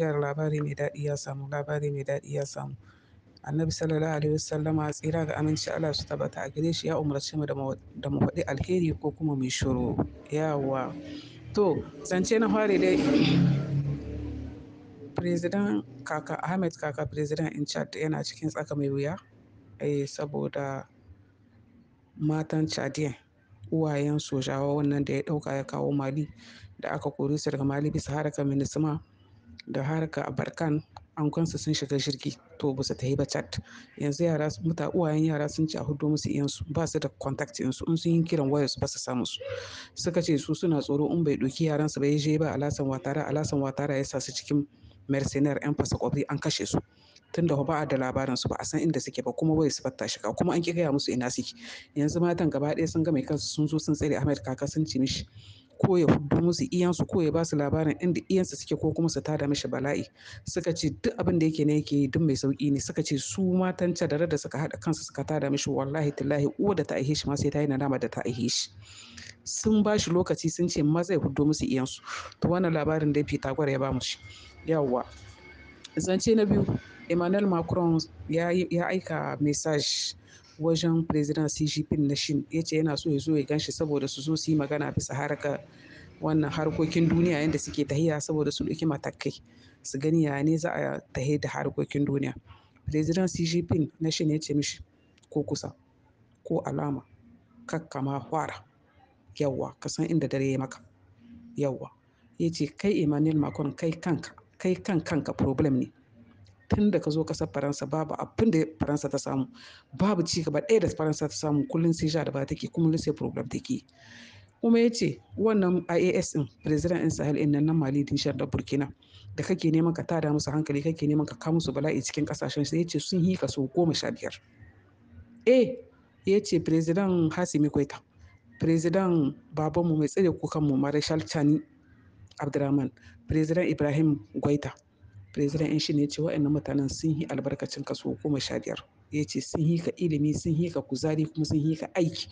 bishiyar labari mai daɗi ya samu, labari mai daɗi ya samu. Annabi Sallallahu Alaihi Wasallama tsira ga aminci Allah su tabbata a gare shi ya umarci mu da mu faɗi alheri ko kuma mu shiru. yawa. To, zance na fari dai Firizidan Kaka Ahmed Kaka Firizidan in Chad yana cikin tsaka mai wuya, eh saboda matan chadian uwayen sojawa wannan da ya ɗauka ya kawo Mali da aka kore su daga Mali bisa harkar minisma da harka abarkan kwansa sun shiga jirgi to ba su ta yi ba cat yanzu yara muta uwayen yara sun ci a hudu musu iyansu ba su da contact su in sun yi kiran wayarsu ba su samu su suka ce su suna tsoro in bai yaran yaransu ba ya je ba alasan watara alasan watara ya sa su cikin mercenar yan fasa kwabri an kashe su tun da ba a da labarin su ba a san inda suke ba kuma wai su fatta shiga kuma an ki gaya musu ina suke yanzu matan gaba ɗaya sun ga mai kansu sun zo sun tsere ahmed kaka sun ci mishi ko ya hudu musu iyansu ko ya ba su labarin inda iyansu suke ko kuma su tada mishi bala'i suka ce duk abin da yake ne yake yi duk mai sauki ne suka ce su matan cadara da suka haɗa kansu suka tada mishi wallahi tallahi uwa da ta aihe shi ma sai ta yi nadama da ta aihe shi sun ba shi lokaci sun ce ma zai hudu musu iyansu to wannan labarin da Pythagoras ya ba mu shi yawwa zance na biyu Emmanuel Macron ya aika message wajen president cgp na shin ya ce yana so ya zo ya ganshi saboda su zo su yi magana bisa harkar wannan harkokin duniya yadda suke tahiya saboda su ɗauki matakai su gani ya ne za a tahi da harkokin duniya president cgp na shin ya ce mishi ko kusa ko alama kakkama fara yawa ka san inda dare ya maka yawa ya ce kai emmanuel macron kai kanka kai kan kanka problem ne tun da ka zo kasar faransa babu abin da faransa ta samu babu ci gaba ɗaya da faransa ta samu kullum sai sha da ba take kullum sai program take kuma ya ce wannan ias din president in sahel in nan mali din da burkina da kake neman ka tada musu hankali kake neman ka kawo musu bala'i cikin kasashen sai ya ce sun yi kaso goma sha biyar eh ya ce president hasimi kwaita president babanmu mai tsare kukanmu marshal chani abdurrahman president ibrahim gwaita President yan shi ne ya ce wa'annan mutanen sun yi albarkacin kaso goma sha biyar. Ya ce sun yi ka ilimi, sun yi ka kuzari kuma sun yi ka aiki.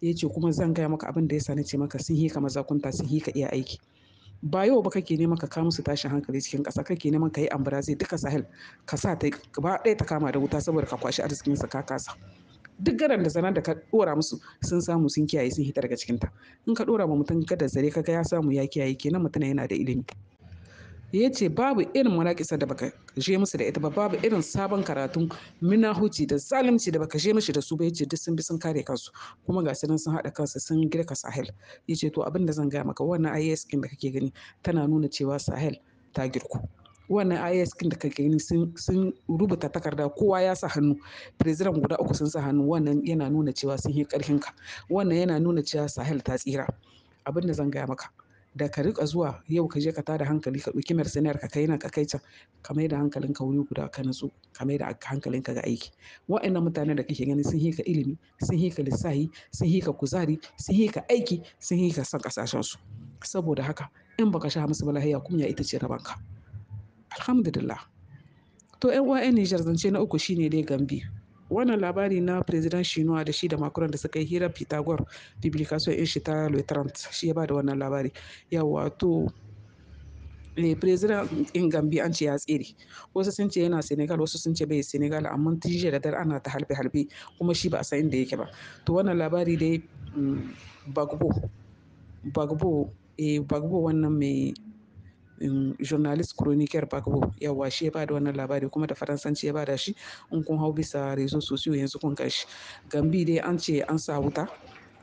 Ya ce kuma zan gaya maka abin da ya sani ce maka sun yi ka mazakunta, sun yi ka iya aiki. Ba yau ba kake neman ka kawo musu tashin hankali cikin ƙasa, kake neman ka yi zai duka sahel, ka sa ta ba ɗaya ta kama da wuta saboda ka kwashi arzikinsa ka kasa. duk garan da zanen da ka dora musu sun samu sun kiyaye sun hita daga cikinta in ka dora ma mutum ka da zare ka ga ya samu ya kiyaye kenan mutum yana da ilimi ya ce babu irin manaƙisa da baka je musu da ita ba babu irin sabon karatun minahuci da zalunci da baka je musu da su ba ya ce duk sun bi sun kare kansu kuma ga nan sun haɗa kansu sun girka sahel ya ce to abin da zan gaya maka wannan is da kake gani tana nuna cewa sahel ta girku wannan IAS kin da ka gani sun rubuta takarda kowa ya sa hannu president guda uku sun sa hannu wannan yana nuna cewa sun yi karfin ka wannan yana nuna cewa sahel ta tsira abin da zan gaya maka da ka riƙa zuwa yau ka je ka tada hankali ka ɗauki mercenary ka kai nan ka kai can ka mai da hankalin ka wuri guda ka natsu ka mai da hankalin ka ga aiki wa'annan mutanen da kake gani sun ka ilimi sun ka lissahi sun ka kuzari sun ka aiki sun ka san kasashen su saboda haka in baka sha musu balahiya kunya ita ce ka alhamdulillah to yan uwa yan Niger zance na uku shine dai gambi Wannan labari na President Shinuwa da shi da Macron da suka yi hirar Pythagore, publication in shi ta Le shi ya ba da wannan labari. ya to ne eh, president in gambi an ce ya tsere wasu sun ce yana senegal wasu sun ce bai senegal amma tun jiya da dare ana ta halbe halbe kuma shi ba a san inda yake ba to wannan labari dai mm, bagbo bagbo eh bagbo wannan mai journalist chroniqueur Bagbo yawa shi ya bada wannan labari kuma da faransanci ya bada shi in kun hau bisa rezo sosiyo yanzu kun gashi gambi dai an ce an sa wuta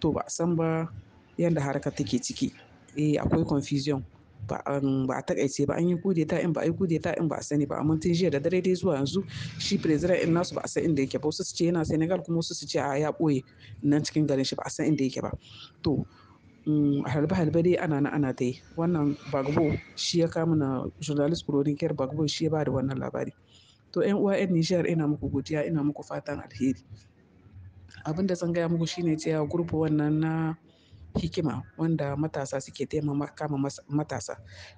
to ba san ba yanda haraka take ciki eh akwai confusion ba a takaice ba an yi kudeta in ba a yi ta in ba a sani ba amma tun jiya da dare dai zuwa yanzu shi president in nasu ba a san inda yake ba su ce yana senegal kuma su ce a ya boye nan cikin garin shi ba a san inda yake ba to Mm, halbe-halbe dai ana na ana ta yi wannan bagbo shi ya kama na journalist prorin care bagbo shi ya ba da wannan labari to yan uwa yan nijar ina muku godiya ina muku fatan alheri abin da zan gaya muku shine cewa gurbu wannan na hikima wanda matasa suke taimaka ma matasa.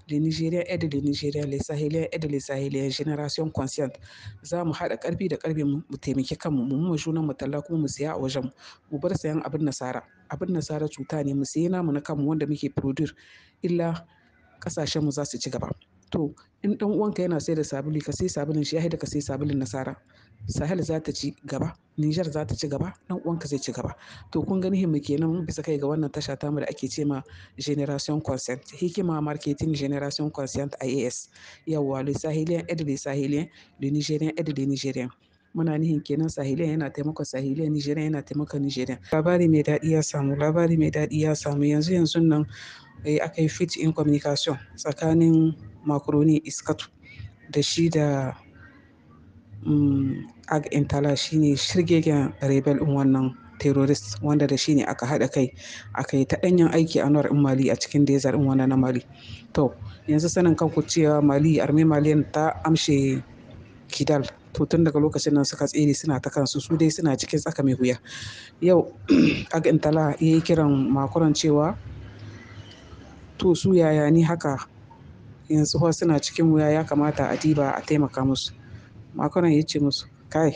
Le Nigérien aide le Nigérien, le Sahélien aide le Generation Consciente. Za mu haɗa ƙarfi da ƙarfe mu, taimaki kanmu, mu ma junan mu talla kuma mu siya a wajen mu. bar sayan abin nasara. Abin nasara cuta ne, mu sayi namu na kanmu wanda muke produce illa ƙasashen mu za su ci gaba. To in ɗan uwanka yana sayar da sabulu ka sai sabulun shi ya fi da ka sai sabulun nasara. Sahel za ta ci gaba, Nijar za ta ci gaba, ɗan uwanka zai ci gaba. To kun ga nihin kenan bisa kai ga wannan tasha tamu da ake ce ma Generation Consent. Hikima Marketing Generation Consent IAS. Yawwa le Sahelian ed le Sahelian, le Nigerian ed le Nigerian. Muna nihin kenan sahiliya yana taimakon sahiliya, Nigerian yana taimakon Nigerian. Labari mai daɗi ya samu, labari mai daɗi ya samu. Yanzu yanzun nan eh aka yi fit in communication tsakanin makaroni iskatu da shi da mm, ag intala shine shirgegen rebel in wannan terrorist wanda da shi ne aka haɗa kai aka yi ta ɗanyen aiki a nuwar mali a cikin desert in wannan na mali to yanzu sanin kanku cewa mali arme maliyan ta amshe kidal to tun daga lokacin nan suka tsere suna ta kansu su dai suna cikin tsaka mai wuya yau ag intala ya yi kiran makuran cewa to su yaya ni haka yanzu fa suna cikin wuya ya kamata a diba a taimaka musu makonan ya ce musu kai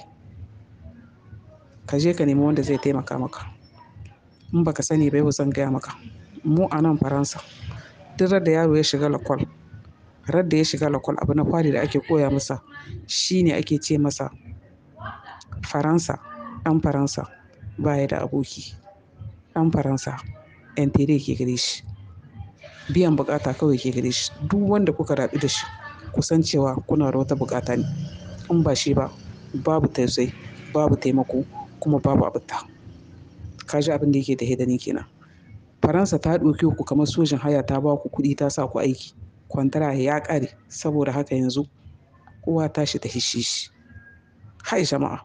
ka je ka nemi wanda zai taimaka maka in baka sani ba yau zan gaya maka mu a nan faransa duk da yaro ya shiga lakwal radda ya shiga lakwal abu na fari da ake koya masa shine ake ce masa faransa ɗan faransa baya da aboki ɗan faransa yan tere ke gare shi biyan bukata kawai ke gare shi duk wanda kuka rabu da shi kusan cewa kuna da wata bukata ne in ba shi ba babu tausayi babu taimako kuma babu abuta ka ji abin da yake da hedani kenan faransa ta ɗauke ku kamar sojin haya ta ba ku kuɗi ta sa ku aiki kwantara ya ƙare saboda haka yanzu uwa tashi ta hishe shi hai jama'a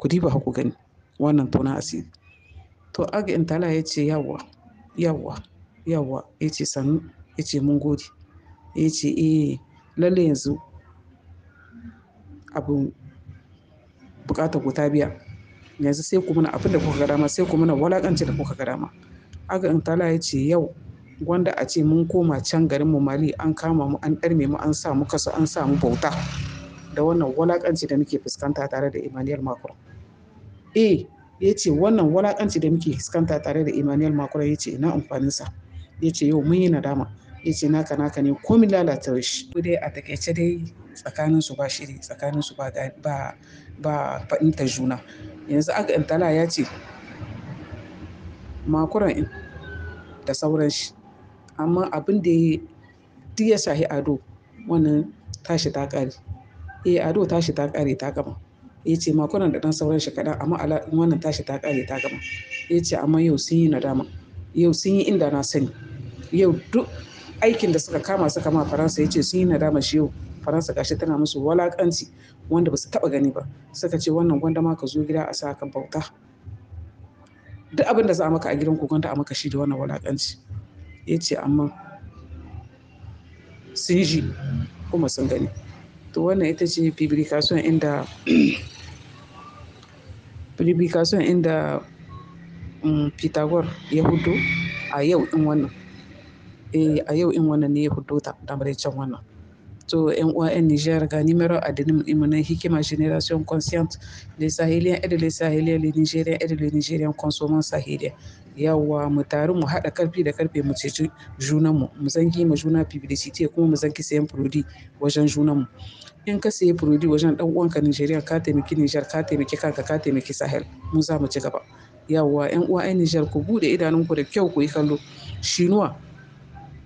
ku diba haku gani wannan tona asiri to aga intala ya ce yawwa yawwa yawwa ya ce sannu ya ce mun gode ya ce eh lalle yanzu abin bukatar ku ta biya yanzu sai ku mana abin da kuka ga dama sai ku mana walakanci da kuka ga dama aga in tala ya ce yau gwanda a ce mun koma can garin mu mali an kama mu an ɗarme mu an sa mu kasu an sa mu bauta da wannan walakanci da muke fuskanta tare da Emmanuel Macron eh ya ce wannan walakanci da muke fuskanta tare da Emmanuel Macron ya ce ina amfaninsa ya ce yau mun yi nadama ya ce naka naka ne komin lalata shi Ko dai a takaice dai tsakanin su ba shiri tsakanin su ba ba ba fahimtar juna yanzu aka intala ya ce makuran da sauran shi amma abin da ya duk ya shahi ado wannan tashi ta kare eh ado tashi ta kare ta gama ya ce makuran da dan sauran shi kaɗan amma wannan tashi ta kare ta gama ya ce amma yau sun yi nadama yau sun yi inda na sani yau duk aikin da suka kama suka ma faransa ya ce sun yi nadama shi yau faransa gashi tana musu walakanci wanda ba su taba gani ba suka ce wannan gwanda ma ka zo gida a sa ka bauta duk abin da za a maka a gidan kogon da a maka shi da wannan walakanci ya ce amma sun ji kuma sun gani to wannan ita ce publication inda publication inda mm, pythagore ya hudu a yau din wannan eh a yau in wannan ne ya fito ta tamaraicen wannan to yan uwa yan Niger ga nimero adinim imu na hikima generation conscient le sahelian et le sahelian le nigerian et le nigerian consommant sahelian yawa mu taru mu haɗa karfi da karfe mu ceci junan mu mu zangi mu juna publicity kuma mu zangi sayan furodi wajen junan mu in ka sayi furodi wajen dan uwanka Nigeria ka taimaki Niger ka taimaki kanka ka taimaki Sahel mu za mu ci gaba yawa yan uwa yan Niger ku bude idanunku da kyau ku yi kallo shinuwa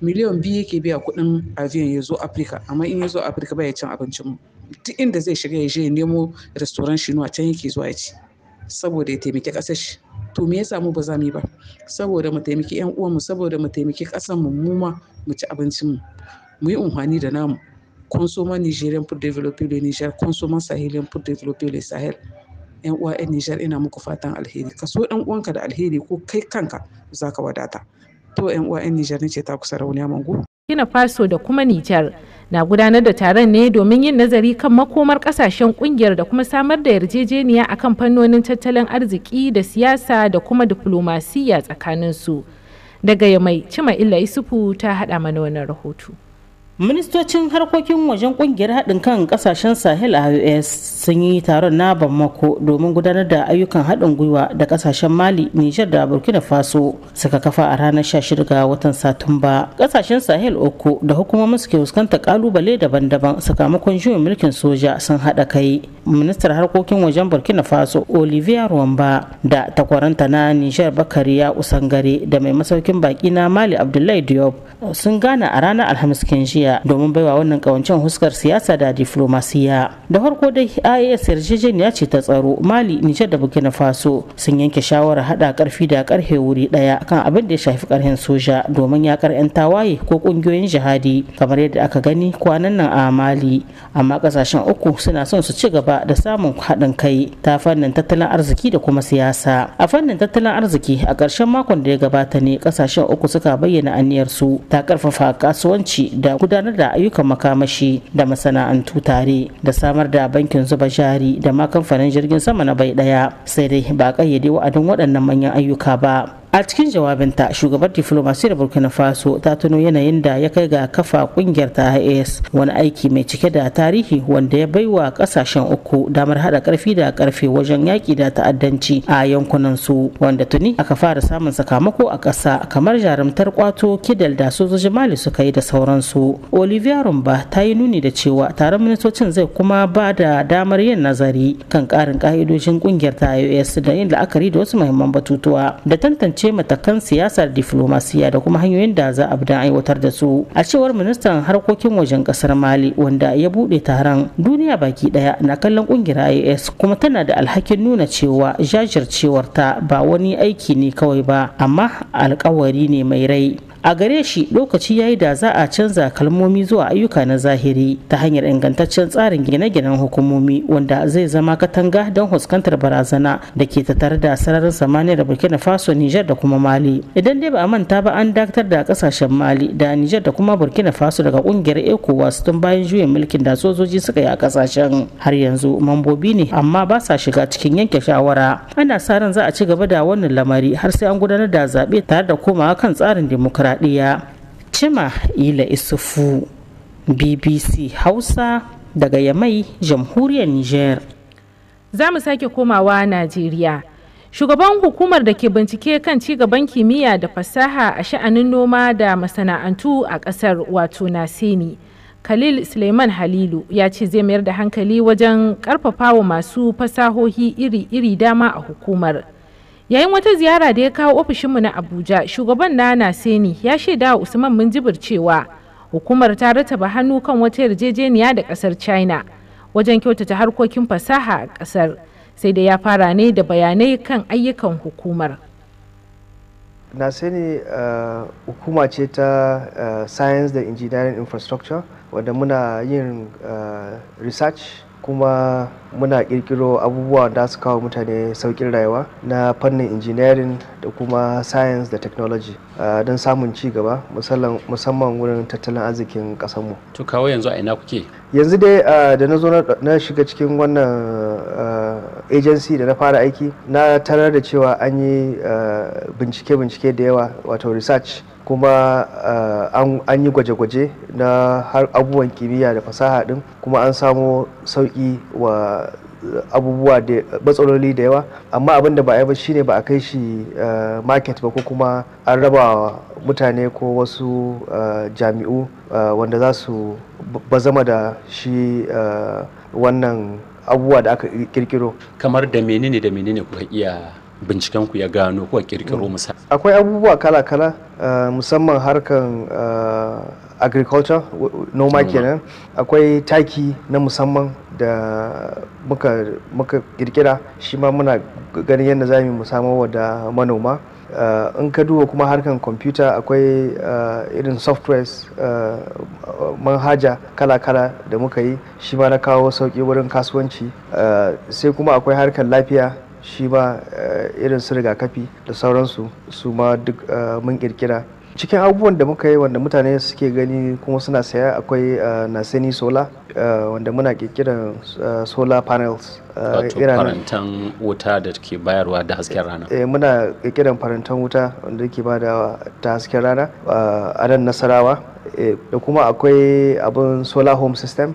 miliyan biyu yake biya kuɗin aviyan ya zo afirka amma in ya zo afirka ba ya cin abincin mu duk inda zai shiga ya je ya nemo restoran shinuwa can yake zuwa ya ci saboda ya taimaki ƙasar shi to me yasa mu ba za mu yi ba saboda mu taimaki yan uwanmu saboda mu taimaki ƙasar mu mu ma mu ci abincin mu mu yi unhwani da namu consumer nigerian food Development le niger consumer sahelian food Development le sahel yan uwa yan nijar ina muku fatan alheri ka so dan uwanka da alheri ko kai kanka za ka wadata to yan uwa yan Nijar ne ce ta kusa rauniya mangu. kina Faso da kuma Nijar na gudanar da taron ne domin yin nazari kan makomar kasashen kungiyar da kuma samar da yarjejeniya akan fannonin tattalin arziki da siyasa da kuma diflomasiyya tsakaninsu. Daga Yamai, Cima Illa Isufu ta haɗa mana wannan rahoto. ministocin harkokin wajen kungiyar haɗin kan ƙasashen sahel a us sun yi taron na bamako domin gudanar da ayyukan haɗin gwiwa da ƙasashen mali nijar da burkina faso suka kafa a ranar 16 ga watan satumba ƙasashen sahel uku da hukumomin suke fuskantar ƙalubale daban-daban sakamakon juyin mulkin soja sun haɗa kai ministar harkokin wajen burkina faso olivia ruwamba da takwaranta na nijar ya usangare da mai masaukin baki na mali abdullahi diop sun gana a ranar alhamis jiya domin baiwa wannan kawancen huskar siyasa da diflomasiya. Da farko dai IAS yarjejeniya ce ta tsaro Mali, Nijar da Burkina Faso sun yanke shawarar hada karfi da karhe wuri daya kan abin da ya shafi karhin soja domin ya kar 'yan tawaye ko kungiyoyin jihadi kamar yadda aka gani kwanan nan a Mali. Amma kasashen uku suna son su ci gaba da samun haɗin kai ta fannin tattalin arziki da kuma siyasa. A fannin tattalin arziki a karshen makon da ya gabata ne kasashen uku suka bayyana aniyar su ta karfafa kasuwanci da guda. gudanar da ayyukan makamashi da masana'antu tare da samar da bankin zuba jari da ma kamfanin jirgin sama na bai daya sai dai ba kayyade wa'adin waɗannan manyan ayyuka ba a cikin jawabinta shugabar diflomasiyar burkina faso ta tuno yanayin da ya kai ga kafa kungiyar ta is wani aiki mai cike da tarihi wanda ya bai wa kasashen uku damar hada karfi da karfe wajen yaki da ta'addanci a yankunan su wanda tuni aka fara samun sakamako a ƙasa kamar jarumtar kwato kidal da sojojin mali suka yi da sauransu olivia rumba ta yi nuni da cewa taron ministocin zai kuma ba da damar yin nazari kan ƙarin ƙa'idojin kungiyar ta is da yin la'akari da wasu muhimman batutuwa da tantance kasance matakan siyasar diflomasiya da kuma hanyoyin da za a bi don aiwatar da su a cewar ministan harkokin wajen kasar mali wanda ya bude taron duniya baki ɗaya na kallon ƙungiyar is kuma tana da alhakin nuna cewa ta ba wani aiki ne kawai ba amma alkawari ne mai rai a gare shi lokaci yayi da za a canza kalmomi zuwa ayyuka na zahiri ta hanyar ingantaccen tsarin gine-ginen hukumomi wanda zai zama katanga don huskantar barazana da ke tattare da sararin samaniyar burkina faso niger da kuma mali idan dai ba a manta ba an dakatar da kasashen mali da niger da kuma burkina faso daga kungiyar ecowas tun bayan juyin mulkin da sojoji suka yi a kasashen har yanzu mambobi ne amma ba sa shiga cikin yanke shawara ana sa ran za a ci gaba da wannan lamari har sai an gudanar da zaɓe tare da komawa kan tsarin dimokuraɗiyya dimokuraɗiyya cima ila isufu bbc hausa daga yamai jamhuriyar niger za mu sake komawa najeriya shugaban hukumar da ke bincike kan cigaban kimiyya da fasaha a sha'anin noma da masana'antu a ƙasar wato naseni khalil suleiman halilu ya ce zai mayar da hankali wajen ƙarfafawa masu fasahohi iri-iri dama a hukumar yayin wata ziyara da ya kawo ofishinmu na abuja shugaban na naseni ya shaida wa usman minjibir cewa hukumar ta rataba hannu kan wata yarjejeniya da kasar china wajen kyautata harkokin fasaha a kasar sai da ya fara ne da bayanai kan ayyukan hukumar naseni sani eh, hukuma ce ta eh, science da engineering infrastructure wadda muna yin eh, research kuma muna ƙirƙiro abubuwa da su kawo mutane sauƙin rayuwa na fannin engineering da kuma science da technology don samun ci gaba musamman wurin tattalin arzikin ƙasarmu. to kawo yanzu a ina kuke yanzu dai da na zo na shiga cikin wannan agency da na fara aiki na tarar da cewa an yi bincike-bincike da yawa wato research kuma eh, an yi gwaje-gwaje na har abubuwan kimiyya da fasaha din kuma an samo sauki wa abubuwa da matsaloli da yawa amma abin da ba a yi ba shine ba a kai shi eh, market ba ko kuma an raba mutane ko wasu eh, jami'u wanda za su bazama da shi wannan abubuwa da aka kirkiro kamar da menene da menene kuka iya binciken ya gano ko kirkiro musa mm. akwai abubuwa kala-kala eh, musamman harkan eh, agriculture noma kenan akwai taki na musamman da muka muka kirkira shi ma muna ganin yadda za mu samu da manoma eh, in ka duba kuma harkan kwamfuta akwai irin softwares manhaja kala-kala da muka yi shi ma na kawo sauƙi wurin kasuwanci sai kuma akwai harkan lafiya shi ma eh, irin su rigakafi da sauransu su ma duk eh, mun kirkira cikin abubuwan da muka yi wanda mutane suke gani kuma suna saya akwai eh, sani sola wanda muna kirkiran solar panels farantan wuta da ke bayarwa da hasken rana muna kirkiran farantan wuta wanda ke bada ta hasken rana a nan nasarawa da kuma akwai abin solar home system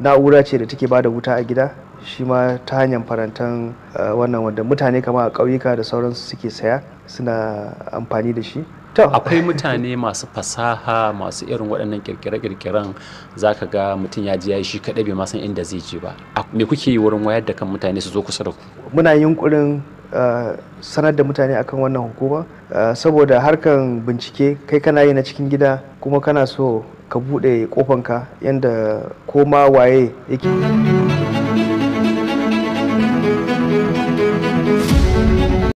na'ura ce da take bada wuta a gida shi ma ta hanyar farantan eh, wannan wanda mutane kama a ƙauyuka da sauransu suke saya suna amfani da shi akwai mutane masu fasaha masu irin waɗannan kirkire-kirkiren za ka ga mutum ya ji ya yi shi kaɗai bai masan inda zai je ba me kuke yi wurin wayar da kan mutane su zo kusa da ku muna yunkurin eh, sanar da mutane akan wannan hukuma eh, saboda harkan bincike kai kana yi na cikin gida kuma kana so ka buɗe kofanka yadda koma waye yake